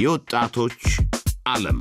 የወጣቶች ዓለም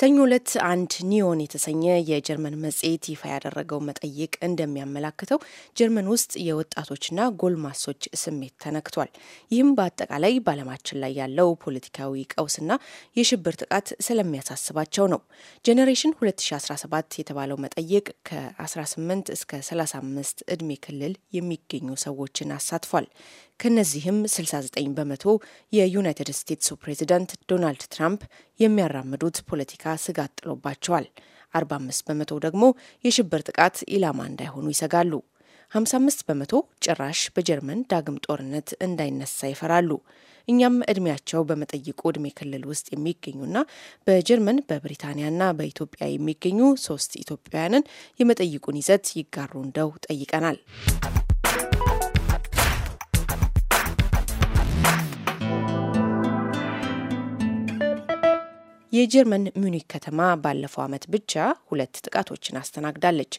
ሰኞ ዕለት አንድ ኒዮን የተሰኘ የጀርመን መጽሔት ይፋ ያደረገው መጠይቅ እንደሚያመላክተው ጀርመን ውስጥ የወጣቶችና ጎልማሶች ስሜት ተነክቷል። ይህም በአጠቃላይ በዓለማችን ላይ ያለው ፖለቲካዊ ቀውስና የሽብር ጥቃት ስለሚያሳስባቸው ነው። ጄኔሬሽን 2017 የተባለው መጠይቅ ከ18 እስከ 35 ዕድሜ ክልል የሚገኙ ሰዎችን አሳትፏል። ከነዚህም 69 በመቶ የዩናይትድ ስቴትሱ ፕሬዚደንት ዶናልድ ትራምፕ የሚያራምዱት ፖለቲካ ስጋት ጥሎባቸዋል። 45 በመቶ ደግሞ የሽብር ጥቃት ኢላማ እንዳይሆኑ ይሰጋሉ። 55 በመቶ ጭራሽ በጀርመን ዳግም ጦርነት እንዳይነሳ ይፈራሉ። እኛም እድሜያቸው በመጠይቁ እድሜ ክልል ውስጥ የሚገኙና በጀርመን በብሪታንያና በኢትዮጵያ የሚገኙ ሶስት ኢትዮጵያውያንን የመጠይቁን ይዘት ይጋሩ እንደው ጠይቀናል። የጀርመን ሙኒክ ከተማ ባለፈው ዓመት ብቻ ሁለት ጥቃቶችን አስተናግዳለች።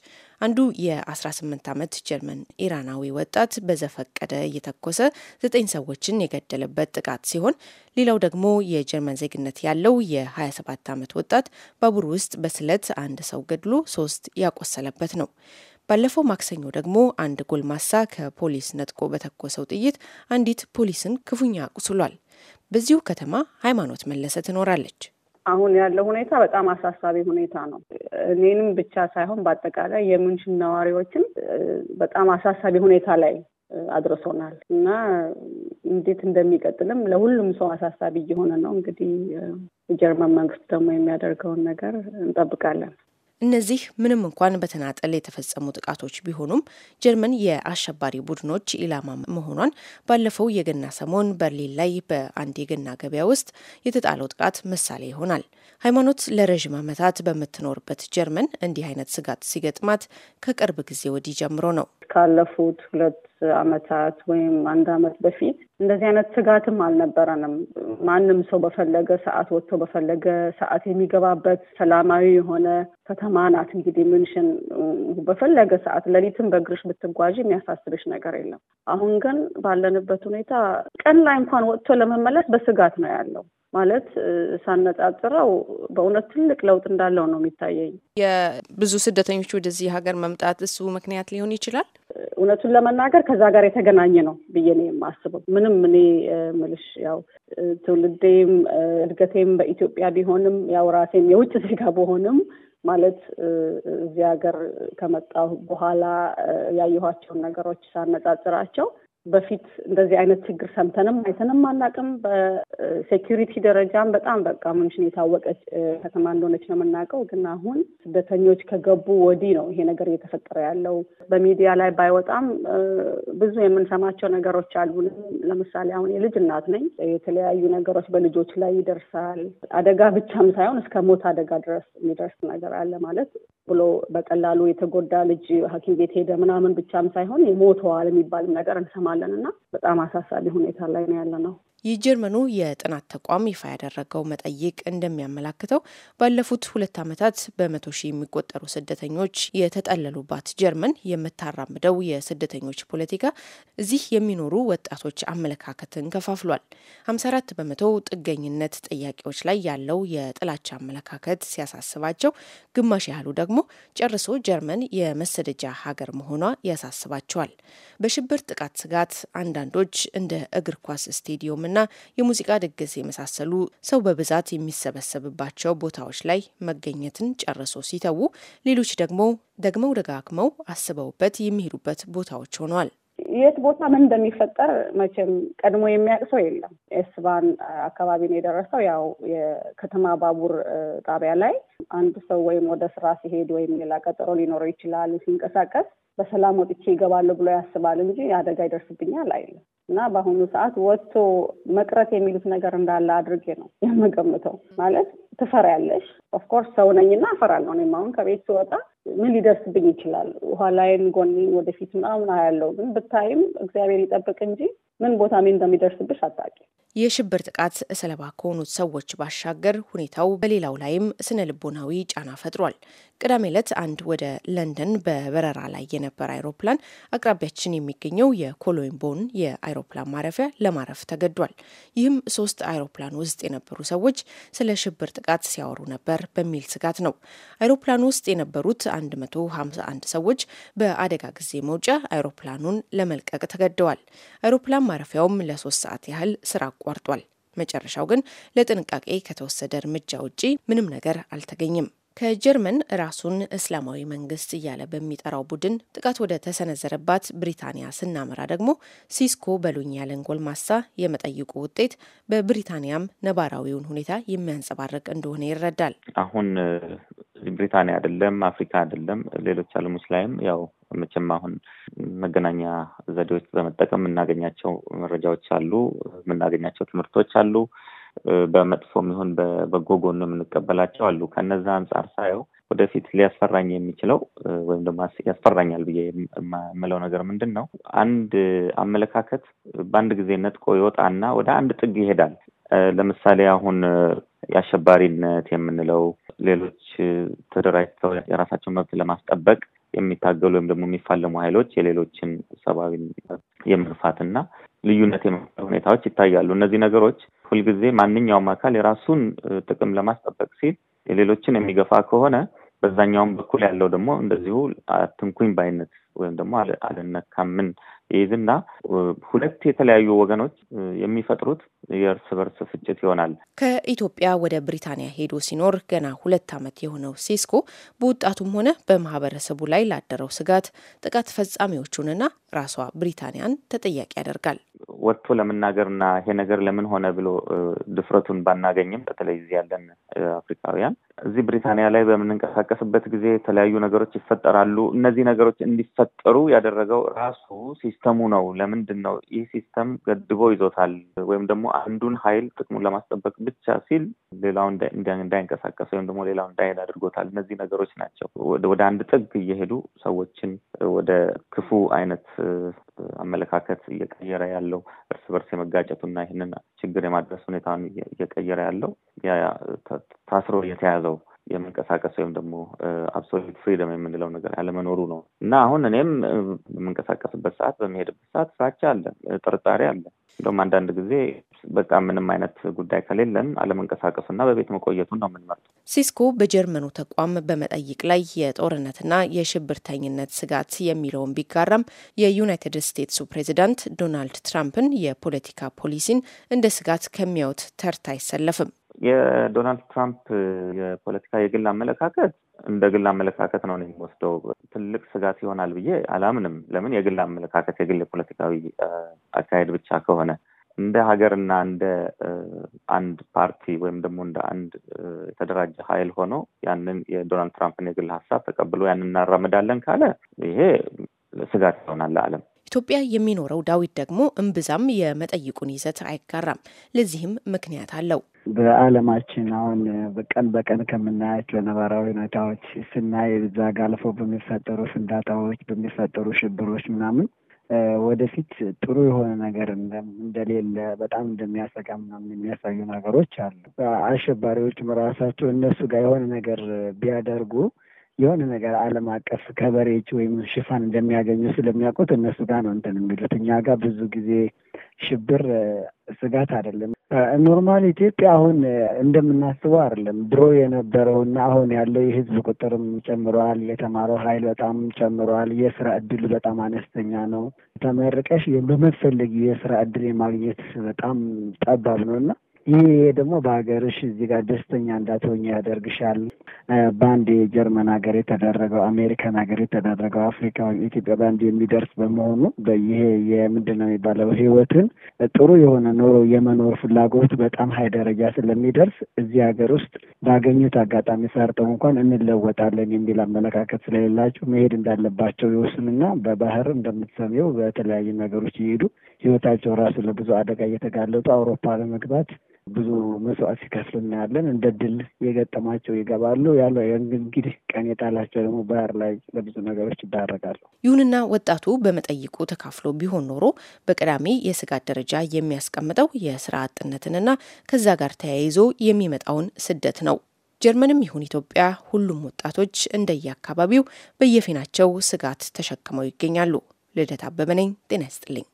አንዱ የ18 ዓመት ጀርመን ኢራናዊ ወጣት በዘፈቀደ እየተኮሰ ዘጠኝ ሰዎችን የገደለበት ጥቃት ሲሆን ሌላው ደግሞ የጀርመን ዜግነት ያለው የ27 ዓመት ወጣት ባቡር ውስጥ በስለት አንድ ሰው ገድሎ ሶስት ያቆሰለበት ነው። ባለፈው ማክሰኞ ደግሞ አንድ ጎልማሳ ከፖሊስ ነጥቆ በተኮሰው ጥይት አንዲት ፖሊስን ክፉኛ አቁስሏል። በዚሁ ከተማ ሃይማኖት መለሰ ትኖራለች። አሁን ያለው ሁኔታ በጣም አሳሳቢ ሁኔታ ነው። እኔንም ብቻ ሳይሆን በአጠቃላይ የሙንሽን ነዋሪዎችን በጣም አሳሳቢ ሁኔታ ላይ አድርሶናል እና እንዴት እንደሚቀጥልም ለሁሉም ሰው አሳሳቢ እየሆነ ነው። እንግዲህ የጀርመን መንግስት ደግሞ የሚያደርገውን ነገር እንጠብቃለን። እነዚህ ምንም እንኳን በተናጠል የተፈጸሙ ጥቃቶች ቢሆኑም ጀርመን የአሸባሪ ቡድኖች ኢላማ መሆኗን ባለፈው የገና ሰሞን በርሊን ላይ በአንድ የገና ገበያ ውስጥ የተጣለው ጥቃት ምሳሌ ይሆናል። ሃይማኖት ለረዥም ዓመታት በምትኖርበት ጀርመን እንዲህ አይነት ስጋት ሲገጥማት ከቅርብ ጊዜ ወዲህ ጀምሮ ነው። ካለፉት ሁለት አመታት ወይም አንድ አመት በፊት እንደዚህ አይነት ስጋትም አልነበረንም። ማንም ሰው በፈለገ ሰዓት ወጥቶ በፈለገ ሰዓት የሚገባበት ሰላማዊ የሆነ ከተማ ናት። እንግዲህ ምንሽን በፈለገ ሰዓት ሌሊትም በእግርሽ ብትጓዥ የሚያሳስብሽ ነገር የለም። አሁን ግን ባለንበት ሁኔታ ቀን ላይ እንኳን ወጥቶ ለመመለስ በስጋት ነው ያለው። ማለት ሳነጻጽረው በእውነት ትልቅ ለውጥ እንዳለው ነው የሚታየኝ። የብዙ ስደተኞች ወደዚህ ሀገር መምጣት እሱ ምክንያት ሊሆን ይችላል። እውነቱን ለመናገር ከዛ ጋር የተገናኘ ነው ብዬ ነው የማስበው። ምንም እኔ ምልሽ ያው ትውልዴም እድገቴም በኢትዮጵያ ቢሆንም ያው ራሴም የውጭ ዜጋ በሆንም ማለት እዚህ ሀገር ከመጣሁ በኋላ ያየኋቸውን ነገሮች ሳነጻጽራቸው በፊት እንደዚህ አይነት ችግር ሰምተንም አይተንም አናቅም። በሴኪሪቲ ደረጃም በጣም በቃ ሙኒሽን የታወቀች ከተማ እንደሆነች ነው የምናውቀው። ግን አሁን ስደተኞች ከገቡ ወዲህ ነው ይሄ ነገር እየተፈጠረ ያለው። በሚዲያ ላይ ባይወጣም ብዙ የምንሰማቸው ነገሮች አሉ። ለምሳሌ አሁን የልጅ እናት ነኝ። የተለያዩ ነገሮች በልጆች ላይ ይደርሳል። አደጋ ብቻም ሳይሆን እስከ ሞት አደጋ ድረስ የሚደርስ ነገር አለ ማለት ብሎ በቀላሉ የተጎዳ ልጅ ሐኪም ቤት ሄደ ምናምን ብቻም ሳይሆን ሞተዋል የሚባል ነገር እንሰማለን እና በጣም አሳሳቢ ሁኔታ ላይ ነው ያለ ነው። የጀርመኑ የጥናት ተቋም ይፋ ያደረገው መጠይቅ እንደሚያመላክተው ባለፉት ሁለት ዓመታት በመቶ ሺህ የሚቆጠሩ ስደተኞች የተጠለሉባት ጀርመን የምታራምደው የስደተኞች ፖለቲካ እዚህ የሚኖሩ ወጣቶች አመለካከትን ከፋፍሏል። 54 በመቶ ጥገኝነት ጥያቄዎች ላይ ያለው የጥላቻ አመለካከት ሲያሳስባቸው፣ ግማሽ ያህሉ ደግሞ ጨርሶ ጀርመን የመሰደጃ ሀገር መሆኗ ያሳስባቸዋል። በሽብር ጥቃት ስጋት አንዳንዶች እንደ እግር ኳስ ስቴዲዮም ና የሙዚቃ ድግስ የመሳሰሉ ሰው በብዛት የሚሰበሰብባቸው ቦታዎች ላይ መገኘትን ጨርሶ ሲተዉ፣ ሌሎች ደግሞ ደግመው ደጋግመው አስበውበት የሚሄዱበት ቦታዎች ሆነዋል። የት ቦታ ምን እንደሚፈጠር መቼም ቀድሞ የሚያውቅ ሰው የለም። ኤስባን አካባቢ ነው የደረሰው። ያው የከተማ ባቡር ጣቢያ ላይ አንድ ሰው ወይም ወደ ስራ ሲሄድ ወይም ሌላ ቀጠሮ ሊኖረው ይችላል ሲንቀሳቀስ በሰላም ወጥቼ ይገባለሁ ብሎ ያስባል እንጂ አደጋ ይደርስብኛል አይልም። እና በአሁኑ ሰዓት ወጥቶ መቅረት የሚሉት ነገር እንዳለ አድርጌ ነው የምገምተው ማለት ትፈሪያለሽ። ኦፍኮርስ ሰው ነኝና እፈራለሁ። እኔም አሁን ከቤት ስወጣ ምን ሊደርስብኝ ይችላል? ኋላይን፣ ጎኔን፣ ወደፊት ምናምን አያለው። ግን ብታይም እግዚአብሔር ይጠብቅ እንጂ ምን ቦታ ምን እንደሚደርስብሽ አታውቂ። የሽብር ጥቃት ሰለባ ከሆኑት ሰዎች ባሻገር ሁኔታው በሌላው ላይም ስነ ልቦናዊ ጫና ፈጥሯል። ቅዳሜ ዕለት አንድ ወደ ለንደን በበረራ ላይ የነበረ አይሮፕላን አቅራቢያችን የሚገኘው የኮሎምቦን የአይሮፕላን ማረፊያ ለማረፍ ተገዷል። ይህም ሶስት አይሮፕላን ውስጥ የነበሩ ሰዎች ስለ ሽብር ጥቃት ሲያወሩ ነበር በሚል ስጋት ነው። አይሮፕላን ውስጥ የነበሩት 151 ሰዎች በአደጋ ጊዜ መውጫ አይሮፕላኑን ለመልቀቅ ተገደዋል። አይሮፕላን ማረፊያውም ለሶስት ሰዓት ያህል ስራ አቋርጧል። መጨረሻው ግን ለጥንቃቄ ከተወሰደ እርምጃ ውጪ ምንም ነገር አልተገኘም። ከጀርመን ራሱን እስላማዊ መንግስት እያለ በሚጠራው ቡድን ጥቃት ወደ ተሰነዘረባት ብሪታንያ ስናመራ ደግሞ ሲስኮ በሉኝ ያለን ጎልማሳ የመጠይቁ ውጤት በብሪታንያም ነባራዊውን ሁኔታ የሚያንጸባርቅ እንደሆነ ይረዳል። አሁን ብሪታንያ አይደለም፣ አፍሪካ አይደለም፣ ሌሎች አለሙስ ላይም ያው መቼም አሁን መገናኛ ዘዴዎች በመጠቀም የምናገኛቸው መረጃዎች አሉ፣ የምናገኛቸው ትምህርቶች አሉ። በመጥፎም ይሁን በበጎ ጎኑ የምንቀበላቸው አሉ። ከነዛ አንጻር ሳየው ወደፊት ሊያስፈራኝ የሚችለው ወይም ደግሞ ያስፈራኛል ብዬ የምለው ነገር ምንድን ነው? አንድ አመለካከት በአንድ ጊዜ ነጥቆ ይወጣና ወደ አንድ ጥግ ይሄዳል። ለምሳሌ አሁን የአሸባሪነት የምንለው ሌሎች ተደራጅተው የራሳቸውን መብት ለማስጠበቅ የሚታገሉ ወይም ደግሞ የሚፋለሙ ኃይሎች የሌሎችን ሰብአዊ እና ልዩነት ሁኔታዎች ይታያሉ። እነዚህ ነገሮች ሁልጊዜ ማንኛውም አካል የራሱን ጥቅም ለማስጠበቅ ሲል የሌሎችን የሚገፋ ከሆነ በዛኛውም በኩል ያለው ደግሞ እንደዚሁ አትንኩኝ ባይነት ወይም ደግሞ አልነካምን ይዝና ሁለት የተለያዩ ወገኖች የሚፈጥሩት የእርስ በርስ ፍጭት ይሆናል። ከኢትዮጵያ ወደ ብሪታንያ ሄዶ ሲኖር ገና ሁለት ዓመት የሆነው ሲስኮ በወጣቱም ሆነ በማህበረሰቡ ላይ ላደረው ስጋት ጥቃት ፈጻሚዎቹንና ራሷ ብሪታንያን ተጠያቂ ያደርጋል። ወጥቶ ለመናገርና ይሄ ነገር ለምን ሆነ ብሎ ድፍረቱን ባናገኝም በተለይ እዚህ ያለን አፍሪካውያን እዚህ ብሪታንያ ላይ በምንንቀሳቀስበት ጊዜ የተለያዩ ነገሮች ይፈጠራሉ። እነዚህ ነገሮች እንዲፈጠሩ ያደረገው ራሱ ሲስተሙ ነው። ለምንድን ነው ይህ ሲስተም ገድቦ ይዞታል? ወይም ደግሞ አንዱን ኃይል ጥቅሙን ለማስጠበቅ ብቻ ሲል ሌላው እንዳይንቀሳቀስ ወይም ደግሞ ሌላው እንዳይሄድ አድርጎታል። እነዚህ ነገሮች ናቸው ወደ አንድ ጥግ እየሄዱ ሰዎችን ወደ ክፉ አይነት አመለካከት እየቀየረ ያለው እርስ በርስ የመጋጨቱ እና ይህንን ችግር የማድረስ ሁኔታን እየቀየረ ያለው ታስሮ የተያዘው የመንቀሳቀስ ወይም ደግሞ አብሶሉት ፍሪደም የምንለው ነገር ያለመኖሩ ነው እና አሁን እኔም በምንቀሳቀስበት ሰዓት በሚሄድበት ሰዓት ፍራቻ አለ፣ ጥርጣሬ አለ። እንደም አንዳንድ ጊዜ በቃ ምንም አይነት ጉዳይ ከሌለን አለመንቀሳቀስና በቤት መቆየቱን ነው የምንመርጠው። ሲስኮ በጀርመኑ ተቋም በመጠይቅ ላይ የጦርነትና የሽብርተኝነት ስጋት የሚለውን ቢጋራም የዩናይትድ ስቴትሱ ፕሬዚዳንት ዶናልድ ትራምፕን የፖለቲካ ፖሊሲን እንደ ስጋት ከሚያዩት ተርታ አይሰለፍም። የዶናልድ ትራምፕ የፖለቲካ የግል አመለካከት እንደ ግል አመለካከት ነው የሚወስደው። ትልቅ ስጋት ይሆናል ብዬ አላምንም። ለምን የግል አመለካከት የግል የፖለቲካዊ አካሄድ ብቻ ከሆነ እንደ ሀገርና እንደ አንድ ፓርቲ ወይም ደግሞ እንደ አንድ የተደራጀ ኃይል ሆኖ ያንን የዶናልድ ትራምፕን የግል ሀሳብ ተቀብሎ ያንን እናራምዳለን ካለ ይሄ ስጋት ይሆናል ለአለም ኢትዮጵያ የሚኖረው ዳዊት ደግሞ እምብዛም የመጠይቁን ይዘት አይጋራም። ለዚህም ምክንያት አለው። በአለማችን አሁን በቀን በቀን ከምናያቸው ነባራዊ ሁኔታዎች ስናይ እዛ ጋልፎ በሚፈጠሩ ፍንዳታዎች፣ በሚፈጠሩ ሽብሮች ምናምን ወደፊት ጥሩ የሆነ ነገር እንደሌለ በጣም እንደሚያሰጋ ምናምን የሚያሳዩ ነገሮች አሉ። አሸባሪዎችም ራሳቸው እነሱ ጋር የሆነ ነገር ቢያደርጉ የሆነ ነገር ዓለም አቀፍ ከበሬች ወይም ሽፋን እንደሚያገኙ ስለሚያውቁት እነሱ ጋር ነው እንትን የሚሉት። እኛ ጋር ብዙ ጊዜ ሽብር ስጋት አይደለም። ኖርማል ኢትዮጵያ አሁን እንደምናስበው አይደለም። ድሮ የነበረውና አሁን ያለው የህዝብ ቁጥርም ጨምሯል። የተማረው ኃይል በጣም ጨምረዋል። የስራ እድል በጣም አነስተኛ ነው። ተመርቀሽ በመፈለጊ የስራ እድል የማግኘት በጣም ጠባብ ነው እና ይሄ ደግሞ በሀገርሽ እዚህ ጋር ደስተኛ እንዳትሆኝ ያደርግሻል። በአንድ የጀርመን ሀገር የተደረገው አሜሪካን ሀገር የተደረገው አፍሪካ ወይም ኢትዮጵያ በአንድ የሚደርስ በመሆኑ ይሄ የምንድን ነው የሚባለው ህይወትን ጥሩ የሆነ ኖሮ የመኖር ፍላጎት በጣም ሀይ ደረጃ ስለሚደርስ እዚህ ሀገር ውስጥ ባገኙት አጋጣሚ ሰርተው እንኳን እንለወጣለን የሚል አመለካከት ስለሌላቸው መሄድ እንዳለባቸው ይወስንና በባህር እንደምትሰሚው በተለያዩ ነገሮች ይሄዱ ህይወታቸው ራሱ ለብዙ አደጋ እየተጋለጡ አውሮፓ ለመግባት ብዙ መስዋዕት ሲከፍል እናያለን። እንደ ድል የገጠማቸው ይገባሉ ያለ እንግዲህ ቀን የጣላቸው ደግሞ ባህር ላይ ለብዙ ነገሮች ይዳረጋሉ። ይሁንና ወጣቱ በመጠይቁ ተካፍሎ ቢሆን ኖሮ በቀዳሚ የስጋት ደረጃ የሚያስቀምጠው የስራ አጥነትንና ከዛ ጋር ተያይዞ የሚመጣውን ስደት ነው። ጀርመንም ይሁን ኢትዮጵያ ሁሉም ወጣቶች እንደየአካባቢው በየፊናቸው ስጋት ተሸክመው ይገኛሉ። ልደት አበበ ነኝ። ጤና ይስጥልኝ።